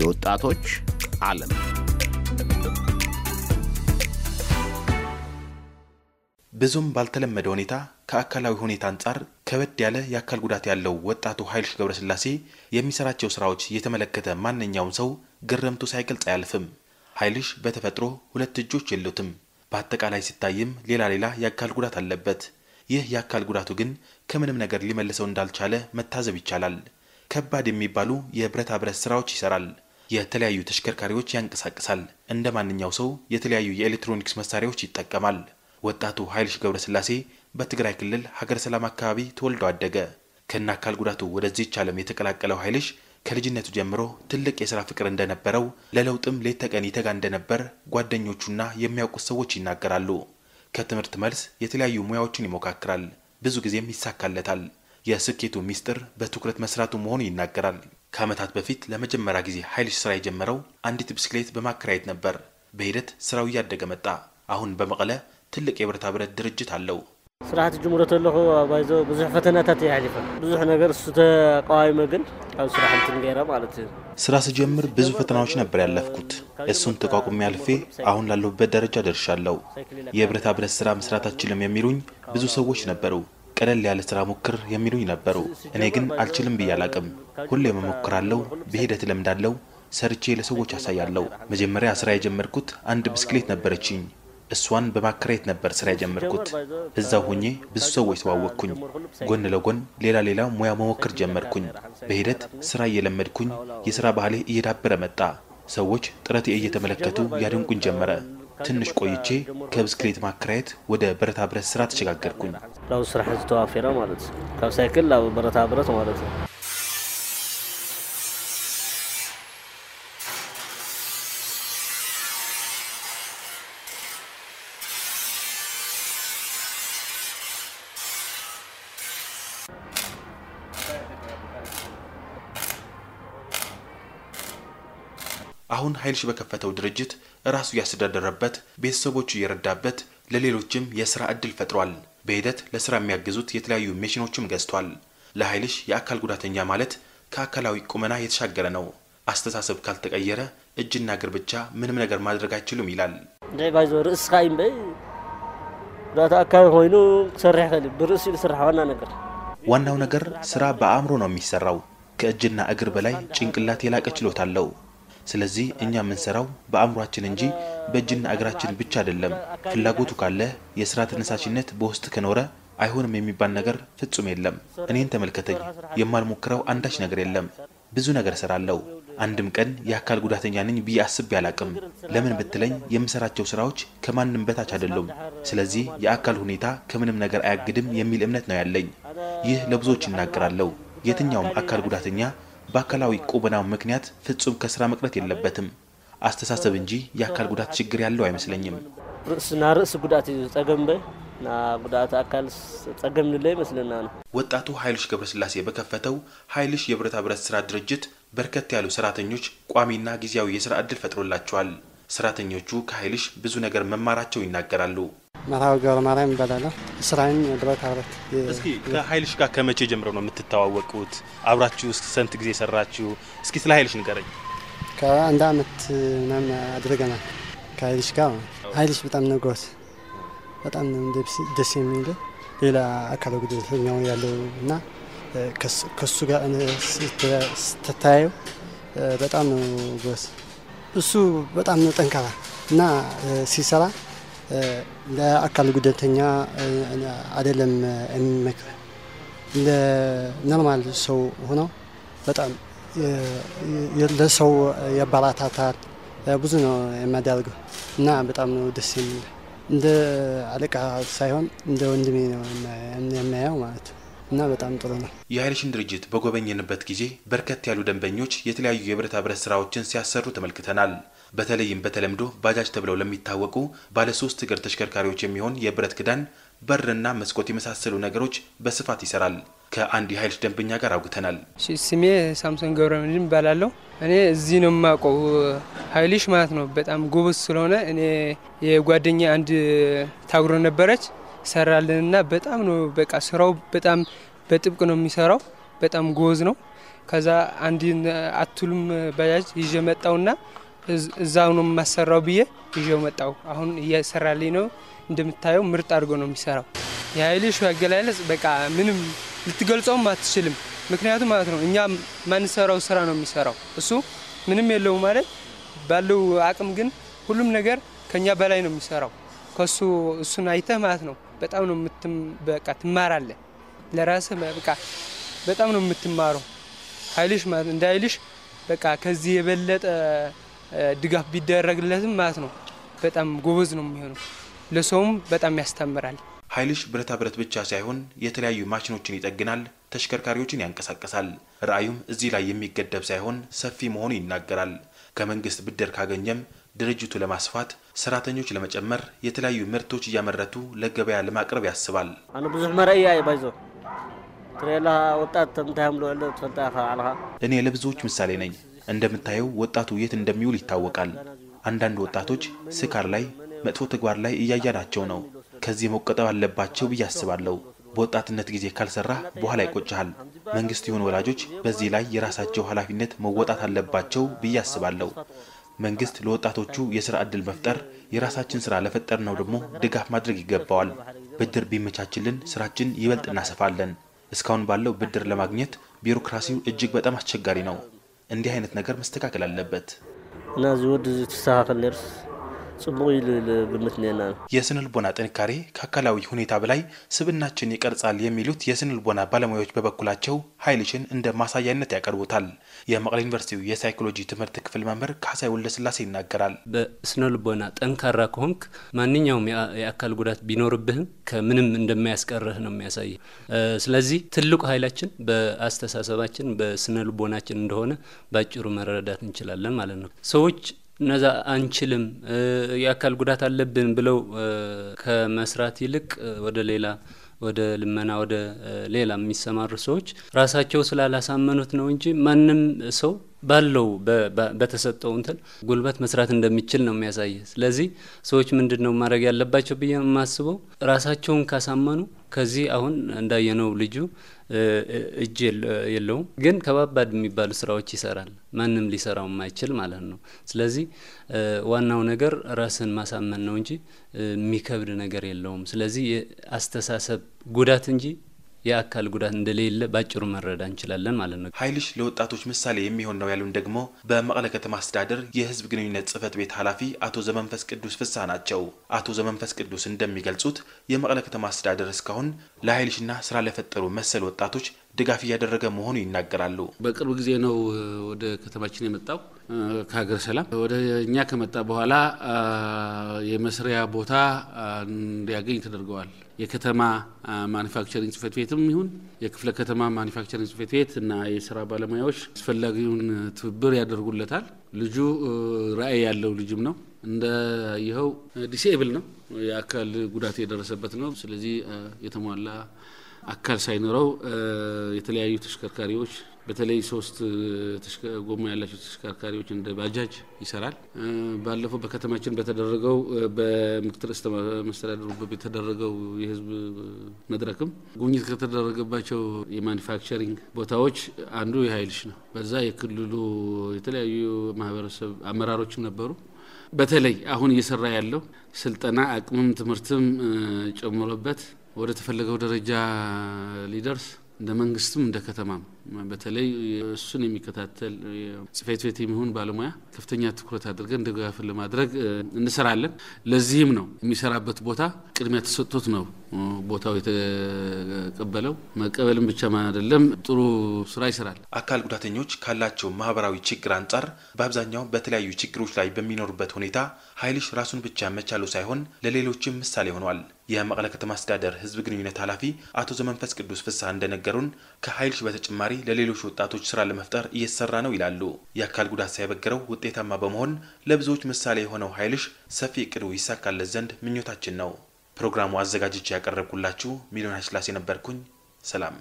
የወጣቶች ዓለም ብዙም ባልተለመደ ሁኔታ ከአካላዊ ሁኔታ አንጻር ከበድ ያለ የአካል ጉዳት ያለው ወጣቱ ኃይልሽ ገብረስላሴ የሚሰራቸው ስራዎች እየተመለከተ ማንኛውም ሰው ግርምቱ ሳይገልጽ አያልፍም። ኃይልሽ በተፈጥሮ ሁለት እጆች የሉትም። በአጠቃላይ ሲታይም ሌላ ሌላ የአካል ጉዳት አለበት። ይህ የአካል ጉዳቱ ግን ከምንም ነገር ሊመልሰው እንዳልቻለ መታዘብ ይቻላል። ከባድ የሚባሉ የብረታ ብረት ስራዎች ይሰራል። የተለያዩ ተሽከርካሪዎች ያንቀሳቅሳል። እንደ ማንኛው ሰው የተለያዩ የኤሌክትሮኒክስ መሳሪያዎች ይጠቀማል። ወጣቱ ኃይልሽ ገብረስላሴ በትግራይ ክልል ሀገረ ሰላም አካባቢ ተወልዶ አደገ። ከነ አካል ጉዳቱ ወደዚህች ዓለም የተቀላቀለው ኃይልሽ ከልጅነቱ ጀምሮ ትልቅ የሥራ ፍቅር እንደነበረው ለለውጥም ሌት ተቀን ይተጋ እንደነበር ጓደኞቹና የሚያውቁት ሰዎች ይናገራሉ። ከትምህርት መልስ የተለያዩ ሙያዎችን ይሞካክራል፣ ብዙ ጊዜም ይሳካለታል። የስኬቱ ሚስጥር በትኩረት መስራቱ መሆኑ ይናገራል። ከዓመታት በፊት ለመጀመሪያ ጊዜ ኃይልሽ ስራ የጀመረው አንዲት ብስክሌት በማከራየት ነበር። በሂደት ስራው እያደገ መጣ። አሁን በመቀለ ትልቅ የብረታ ብረት ድርጅት አለው። ስራሕቲ ጅምረት ባይዞ ብዙሕ ፈተናታት የሕሊፈ ብዙሕ ነገር እሱ ተቃዋሚ ግን ኣብ ስራሕ እንትን ገይረ ማለት እዩ ስራ ስጀምር ብዙ ፈተናዎች ነበር ያለፍኩት። እሱን ተቋቁሜ አልፌ አሁን ላለሁበት ደረጃ ደርሻለሁ። የብረታ ብረት ስራ መስራት አልችልም የሚሉኝ ብዙ ሰዎች ነበሩ። ቀለል ያለ ስራ ሞክር የሚሉኝ ነበሩ። እኔ ግን አልችልም ብዬ አላቅም። ሁሌም እሞክራለሁ፣ በሂደት ለምዳለው፣ ሰርቼ ለሰዎች አሳያለሁ። መጀመሪያ ስራ የጀመርኩት አንድ ብስክሌት ነበረችኝ። እሷን በማከራየት ነበር ስራ የጀመርኩት። እዛ ሆኜ ብዙ ሰዎች ተዋወቅኩኝ። ጎን ለጎን ሌላ ሌላ ሙያ መሞክር ጀመርኩኝ። በሂደት ስራ እየለመድኩኝ የስራ ባህሌ እየዳበረ መጣ። ሰዎች ጥረቴ እየተመለከቱ ያደንቁኝ ጀመረ። ትንሽ ቆይቼ ከብስክሌት ማከራየት ወደ ብረታ ብረት ስራ ተሸጋገርኩኝ። ስራ ተዋፌራ ማለት ካብ ሳይክል ናብ ብረታ ብረት ማለት ነው። አሁን ኃይልሽ በከፈተው ድርጅት ራሱ እያስተዳደረበት ቤተሰቦቹ እየረዳበት ለሌሎችም የስራ ዕድል ፈጥሯል። በሂደት ለስራ የሚያግዙት የተለያዩ ሜሽኖችም ገዝቷል። ለኃይልሽ የአካል ጉዳተኛ ማለት ከአካላዊ ቁመና የተሻገረ ነው። አስተሳሰብ ካልተቀየረ እጅና እግር ብቻ ምንም ነገር ማድረግ አይችሉም ይላል። ጉዳት ኮይኑ ክሰርሕ ዝስራሕ ዋና ነገር ዋናው ነገር ስራ በአእምሮ ነው የሚሰራው። ከእጅና እግር በላይ ጭንቅላት የላቀ ችሎታ አለው። ስለዚህ እኛ የምንሰራው በአእምሯችን እንጂ በእጅና እግራችን ብቻ አይደለም። ፍላጎቱ ካለ የስራ ተነሳሽነት በውስጥ ከኖረ አይሆንም የሚባል ነገር ፍጹም የለም። እኔን ተመልከተኝ፣ የማልሞክረው አንዳች ነገር የለም። ብዙ ነገር እሰራለሁ። አንድም ቀን የአካል ጉዳተኛ ነኝ ብዬ አስቤ አላቅም። ለምን ብትለኝ የምሰራቸው ስራዎች ከማንም በታች አይደሉም። ስለዚህ የአካል ሁኔታ ከምንም ነገር አያግድም የሚል እምነት ነው ያለኝ። ይህ ለብዙዎች ይናገራለሁ። የትኛውም አካል ጉዳተኛ በአካላዊ ቁብናው ምክንያት ፍጹም ከስራ መቅረት የለበትም። አስተሳሰብ እንጂ የአካል ጉዳት ችግር ያለው አይመስለኝም። ርእስና ርእስ ጉዳት እዩ ና ጉዳት አካል ጸገም ንለ ይመስለና ነው። ወጣቱ ኃይልሽ ገብረስላሴ በከፈተው ኃይልሽ የብረታ ብረት ስራ ድርጅት በርከት ያሉ ሰራተኞች ቋሚና ጊዜያዊ የስራ እድል ፈጥሮላቸዋል። ሰራተኞቹ ከኃይልሽ ብዙ ነገር መማራቸው ይናገራሉ። መርሃዊ ገብረ ማርያም ይባላል። ስራኝ ድረት አብረት እስኪ ከሀይልሽ ጋር ከመቼ ጀምረው ነው የምትተዋወቁት? አብራችሁ ስንት ጊዜ ሰራችሁ? እስኪ ስለ ሀይልሽ ንገረኝ። ከአንድ አመት ምናምን አድርገናል ከሀይልሽ ጋር። ሀይልሽ በጣም ነው ጎስ፣ በጣም ነው ደስ የሚል ሌላ አካል ጉዳተኛው ያለው እና ከሱ ጋር ስተታየው በጣም ነው ጎስ። እሱ በጣም ነው ጠንካራ እና ሲሰራ ለአካል ጉዳተኛ አይደለም የሚመክር ለኖርማል ሰው ሆነው በጣም ለሰው ያበረታታል። ብዙ ነው የሚያደርገው እና በጣም ነው ደስ የሚል እንደ አለቃ ሳይሆን እንደ ወንድሜ ነው የሚያየው ማለት ነው። እና በጣም ጥሩ ነው። የኃይለሽን ድርጅት በጎበኘንበት ጊዜ በርከት ያሉ ደንበኞች የተለያዩ የብረታ ብረት ስራዎችን ሲያሰሩ ተመልክተናል። በተለይም በተለምዶ ባጃጅ ተብለው ለሚታወቁ ባለ ሶስት እግር ተሽከርካሪዎች የሚሆን የብረት ክዳን በርና መስኮት የመሳሰሉ ነገሮች በስፋት ይሰራል። ከአንድ የኃይል ደንበኛ ጋር አውግተናል። ስሜ ሳምሶን ገብረመድህን እባላለሁ። እኔ እዚህ ነው የማውቀው። ኃይልሽ ማለት ነው በጣም ጎበዝ ስለሆነ እኔ የጓደኛ አንድ ታጉሮ ነበረች ሰራልንና በጣም ነው በቃ ስራው በጣም በጥብቅ ነው የሚሰራው። በጣም ጎዝ ነው። ከዛ አንድ አትሉም ባጃጅ ይዤ መጣውና እዛው ነው የማሰራው ብዬ ይዤው መጣው። አሁን እየሰራልኝ ነው። እንደምታየው ምርጥ አድርጎ ነው የሚሰራው። የሀይሌ አገላለጽ በቃ ምንም ልትገልጸውም አትችልም። ምክንያቱም ማለት ነው እኛ ማንሰራው ስራ ነው የሚሰራው እሱ ምንም የለው ማለት ባለው አቅም ግን ሁሉም ነገር ከኛ በላይ ነው የሚሰራው። ከሱ እሱን አይተህ ማለት ነው በጣም ነው በቃ ትማራለህ። ለራስህ በቃ በጣም ነው የምትማረው። ሀይልሽ ማለት እንደ ሀይልሽ በቃ ከዚህ የበለጠ ድጋፍ ቢደረግለትም ማለት ነው በጣም ጎበዝ ነው የሚሆነው። ለሰውም በጣም ያስተምራል። ኃይልሽ ብረታ ብረት ብቻ ሳይሆን የተለያዩ ማሽኖችን ይጠግናል፣ ተሽከርካሪዎችን ያንቀሳቀሳል። ራዕዩም እዚህ ላይ የሚገደብ ሳይሆን ሰፊ መሆኑ ይናገራል። ከመንግስት ብድር ካገኘም ድርጅቱ ለማስፋት ሰራተኞች ለመጨመር የተለያዩ ምርቶች እያመረቱ ለገበያ ለማቅረብ ያስባል። አነ ብዙሕ መረያ ይባይዞ ትሬላ ወጣት እኔ ለብዙዎች ምሳሌ ነኝ። እንደምታየው ወጣቱ የት እንደሚውል ይታወቃል። አንዳንድ ወጣቶች ስካር ላይ፣ መጥፎ ተግባር ላይ እያያናቸው ነው። ከዚህ መቆጠብ አለባቸው ብዬ አስባለሁ። በወጣትነት ጊዜ ካልሰራ በኋላ ይቆጭሃል። መንግስት ይሁን ወላጆች በዚህ ላይ የራሳቸው ኃላፊነት መወጣት አለባቸው ብዬ አስባለሁ። መንግስት ለወጣቶቹ የስራ ዕድል መፍጠር፣ የራሳችን ስራ ለፈጠር ነው ደግሞ ድጋፍ ማድረግ ይገባዋል። ብድር ቢመቻችልን ስራችን ይበልጥ እናሰፋለን። እስካሁን ባለው ብድር ለማግኘት ቢሮክራሲው እጅግ በጣም አስቸጋሪ ነው። እንዲህ አይነት ነገር መስተካከል አለበት እና እዚህ ወደ ተስተካከል ደርስ ጽቡቅ ብምትኔና የስነ ልቦና ጥንካሬ ከአካላዊ ሁኔታ በላይ ስብናችን ይቀርጻል የሚሉት የስነ ልቦና ባለሙያዎች በበኩላቸው ኃይልሽን እንደ ማሳያነት ያቀርቡታል። የመቀለ ዩኒቨርሲቲው የሳይኮሎጂ ትምህርት ክፍል መምህር ካሳይ ወልደስላሴ ይናገራል። በስነ ልቦና ጠንካራ ከሆንክ ማንኛውም የአካል ጉዳት ቢኖርብህም ከምንም እንደማያስቀርህ ነው የሚያሳይ። ስለዚህ ትልቁ ኃይላችን በአስተሳሰባችን በስነ ልቦናችን እንደሆነ ባጭሩ መረዳት እንችላለን ማለት ነው ሰዎች እነዛ አንችልም፣ የአካል ጉዳት አለብን ብለው ከመስራት ይልቅ ወደ ሌላ ወደ ልመና ወደ ሌላ የሚሰማሩ ሰዎች ራሳቸው ስላላሳመኑት ነው እንጂ ማንም ሰው ባለው በተሰጠው እንትን ጉልበት መስራት እንደሚችል ነው የሚያሳይ። ስለዚህ ሰዎች ምንድን ነው ማድረግ ያለባቸው ብዬ የማስበው ራሳቸውን ካሳመኑ ከዚህ አሁን እንዳየነው ልጁ እጅ የለውም፣ ግን ከባባድ የሚባሉ ስራዎች ይሰራል። ማንም ሊሰራው የማይችል ማለት ነው። ስለዚህ ዋናው ነገር ራስን ማሳመን ነው እንጂ የሚከብድ ነገር የለውም። ስለዚህ አስተሳሰብ ጉዳት እንጂ የአካል ጉዳት እንደሌለ ባጭሩ መረዳ እንችላለን ማለት ነው። ኃይልሽ ለወጣቶች ምሳሌ የሚሆን ነው ያሉን ደግሞ በመቀለ ከተማ አስተዳደር የህዝብ ግንኙነት ጽህፈት ቤት ኃላፊ አቶ ዘመንፈስ ቅዱስ ፍሳ ናቸው። አቶ ዘመንፈስ ቅዱስ እንደሚገልጹት የመቀለ ከተማ አስተዳደር እስካሁን ለኃይልሽና ስራ ለፈጠሩ መሰል ወጣቶች ድጋፍ እያደረገ መሆኑ ይናገራሉ። በቅርብ ጊዜ ነው ወደ ከተማችን የመጣው ከሀገረ ሰላም ወደ እኛ ከመጣ በኋላ የመስሪያ ቦታ እንዲያገኝ ተደርገዋል። የከተማ ማኒፋክቸሪንግ ጽህፈት ቤትም ይሁን የክፍለ ከተማ ማኒፋክቸሪንግ ጽህፈት ቤት እና የስራ ባለሙያዎች አስፈላጊውን ትብብር ያደርጉለታል። ልጁ ራዕይ ያለው ልጅም ነው። ይኸው ዲስኤብል ነው፣ የአካል ጉዳት የደረሰበት ነው። ስለዚህ የተሟላ አካል ሳይኖረው የተለያዩ ተሽከርካሪዎች በተለይ ሶስት ጎማ ያላቸው ተሽከርካሪዎች እንደ ባጃጅ ይሰራል። ባለፈው በከተማችን በተደረገው በምክትል ርዕሰ መስተዳድሩ የተደረገው የህዝብ መድረክም ጉብኝት ከተደረገባቸው የማኒፋክቸሪንግ ቦታዎች አንዱ የሀይልሽ ነው። በዛ የክልሉ የተለያዩ ማህበረሰብ አመራሮችም ነበሩ። በተለይ አሁን እየሰራ ያለው ስልጠና አቅምም ትምህርትም ጨምሮበት ወደ ተፈለገው ደረጃ ሊደርስ እንደ መንግስትም እንደ ከተማም በተለይ እሱን የሚከታተል ጽፌት ቤት የሚሆን ባለሙያ ከፍተኛ ትኩረት አድርገን ድጋፍን ለማድረግ እንሰራለን። ለዚህም ነው የሚሰራበት ቦታ ቅድሚያ ተሰጥቶት ነው ቦታው የተቀበለው። መቀበልም ብቻ አይደለም፣ ጥሩ ስራ ይሰራል። አካል ጉዳተኞች ካላቸው ማህበራዊ ችግር አንጻር በአብዛኛው በተለያዩ ችግሮች ላይ በሚኖሩበት ሁኔታ ሀይልሽ ራሱን ብቻ መቻሉ ሳይሆን ለሌሎችም ምሳሌ ሆኗል። የመቀለ ከተማ አስተዳደር ህዝብ ግንኙነት ኃላፊ አቶ ዘመንፈስ ቅዱስ ፍስሐ እንደነገሩን ከሀይልሽ በተጨማሪ ለሌሎች ወጣቶች ስራ ለመፍጠር እየተሰራ ነው ይላሉ። የአካል ጉዳት ሳይበግረው ውጤታማ በመሆን ለብዙዎች ምሳሌ የሆነው ኃይልሽ ሰፊ እቅዱ ይሳካለት ዘንድ ምኞታችን ነው። ፕሮግራሙ አዘጋጅቼ ያቀረብኩላችሁ ሚሊዮን ስላሴ ነበርኩኝ። ሰላም።